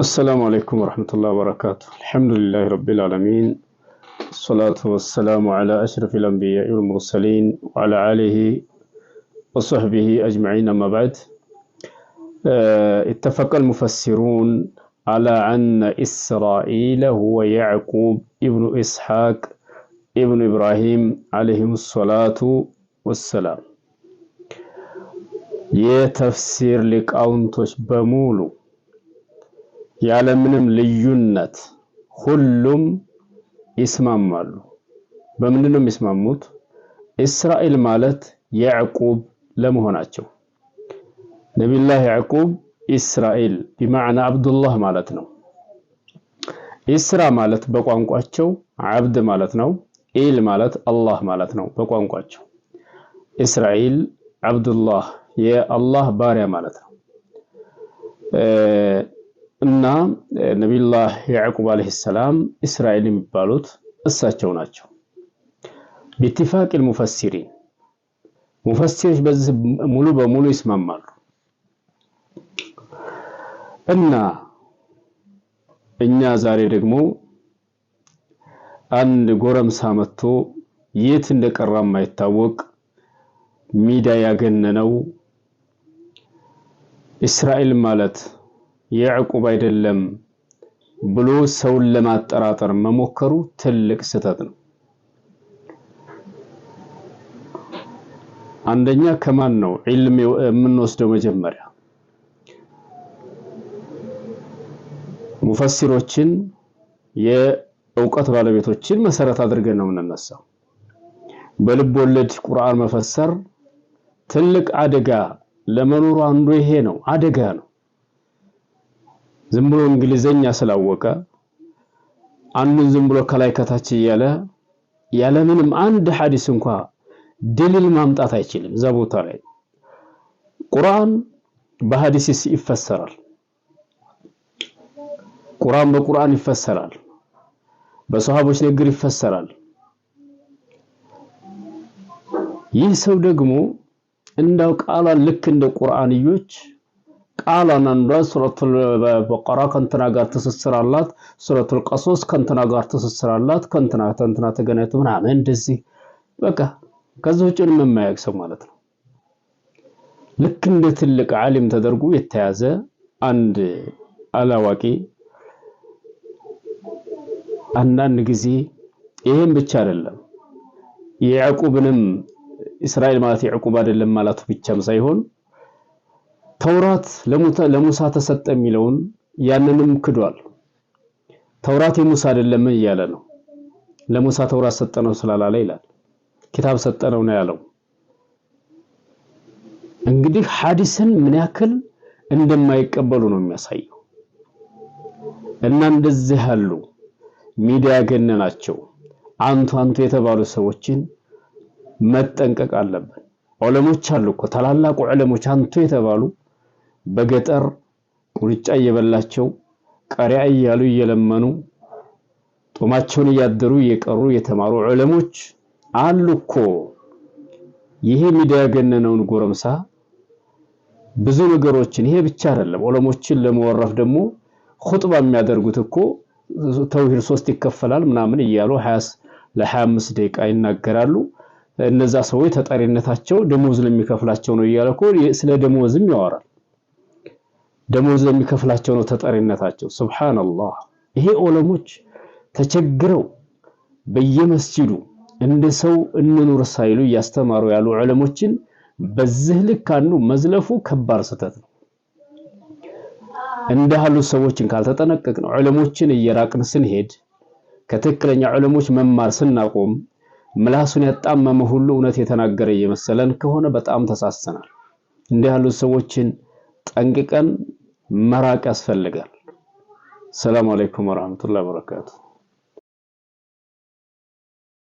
السلام عليكم ورحمة الله وبركاته الحمد لله رب العالمين الصلاة والسلام على أشرف الأنبياء والمرسلين وعلى آله وصحبه أجمعين أما بعد آه، اتفق المفسرون على أن إسرائيل هو يعقوب ابن إسحاق ابن إبراهيم عليهم الصلاة والسلام لك أنتش بمولو ያለምንም ልዩነት ሁሉም ይስማማሉ። በምንድን ነው የሚስማሙት? እስራኤል ማለት ያዕቁብ ለመሆናቸው ነቢላህ ያዕቁብ ኢስራኤል ቢማዕና አብዱላህ ማለት ነው። ኢስራ ማለት በቋንቋቸው አብድ ማለት ነው። ኢል ማለት አላህ ማለት ነው በቋንቋቸው። እስራኤል አብዱላህ የአላህ ባሪያ ማለት ነው። እና ነቢዩላህ ያዕቁብ ዓለይሂ ሰላም እስራኤል የሚባሉት እሳቸው ናቸው። ቢትፋቅ ሙፈሲሪን ሙፈሲሮች በዚህ ሙሉ በሙሉ ይስማማሉ። እና እኛ ዛሬ ደግሞ አንድ ጎረምሳ መጥቶ የት እንደቀራ የማይታወቅ ሚዳ ያገነነው እስራኤል ማለት ያዕቁብ አይደለም ብሎ ሰውን ለማጠራጠር መሞከሩ ትልቅ ስህተት ነው። አንደኛ ከማን ነው ዒልም የምንወስደው? መጀመሪያ ሙፈሲሮችን የእውቀት ባለቤቶችን መሰረት አድርገን ነው የምንነሳው። በልብ ወለድ ቁርአን መፈሰር ትልቅ አደጋ ለመኖሩ አንዱ ይሄ ነው፣ አደጋ ነው። ዝም ብሎ እንግሊዘኛ ስላወቀ አንዱን ዝም ብሎ ከላይ ከታች እያለ ያለምንም አንድ ሐዲስ እንኳ ደሊል ማምጣት አይችልም። እዛ ቦታ ላይ ቁርአን በሐዲስ ይፈሰራል። ቁርአን በቁርአን ይፈሰራል። በሰሃቦች ንግግር ይፈሰራል። ይህ ሰው ደግሞ እንዳው ቃሏን ልክ እንደ ቁርአንዮች ቃሏን አንዷ ሱረቱል በቀራ ከንትና ጋር ትስስር አላት። ሱረቱል ቀሶስ ከንትና ጋር ትስስር አላት። ከእንትና ከእንትና ተገናኝቶ ምናምን እንደዚህ በቃ ከዚህ ውጭ የማያውቅ ሰው ማለት ነው። ልክ እንደ ትልቅ ዓሊም ተደርጎ የተያዘ አንድ አላዋቂ አንዳንድ ጊዜ ይህም ብቻ አይደለም የያዕቁብንም እስራኤል ማለት ያዕቁብ አይደለም ማለቱ ብቻም ሳይሆን ተውራት ለሙሳ ተሰጠ የሚለውን ያንንም ክዷል። ተውራት የሙሳ አይደለም እያለ ነው። ለሙሳ ተውራት ሰጠነው ስላላለ ይላል። ኪታብ ሰጠነው ነው ያለው። እንግዲህ ሐዲስን ምን ያክል እንደማይቀበሉ ነው የሚያሳየው። እና እንደዚህ ያሉ ሚዲያ ናቸው አንቱ አንቱ የተባሉ ሰዎችን መጠንቀቅ አለብን። ዑለሞች አሉ እኮ ታላላቁ ዑለሞች አንቱ የተባሉ በገጠር ቁርጫ እየበላቸው ቀሪያ እያሉ እየለመኑ ጦማቸውን እያደሩ እየቀሩ የተማሩ ዑለሞች አሉ እኮ። ይሄ ሚዲያ ጎረምሳ ብዙ ነገሮችን ይሄ ብቻ አይደለም። ዑለሞችን ለመወረፍ ደግሞ ኹጥባ የሚያደርጉት እኮ ተውሂድ ሶስት ይከፈላል ምናምን እያሉ ለ25 ደቂቃ ይናገራሉ። እነዛ ሰዎች ተጠሪነታቸው ደሞዝ ለሚከፍላቸው ነው እያለ እኮ ስለ ደሞዝም ያወራል። ደሞዝ ለሚከፍላቸው ነው ተጠሪነታቸው። ሱብሃንአላህ ይሄ ዑለሞች ተቸግረው በየመስጂዱ እንደ ሰው እንኑር ሳይሉ እያስተማሩ ያሉ ዑለሞችን በዚህ ልክ አንዱ መዝለፉ ከባድ ስህተት ነው። እንደ ሰዎችን ካልተጠነቀቅን ዑለሞችን እየራቅን ስንሄድ ከትክክለኛ ዑለሞች መማር ስናቆም ምላሱን ያጣመመ ሁሉ እውነት የተናገረ እየመሰለን ከሆነ በጣም ተሳሰናል። እንዲህ ሰዎችን ጠንቅቀን መራቅ ያስፈልጋል። ሰላም አለይኩም ወራህመቱላሂ ወበረካቱ።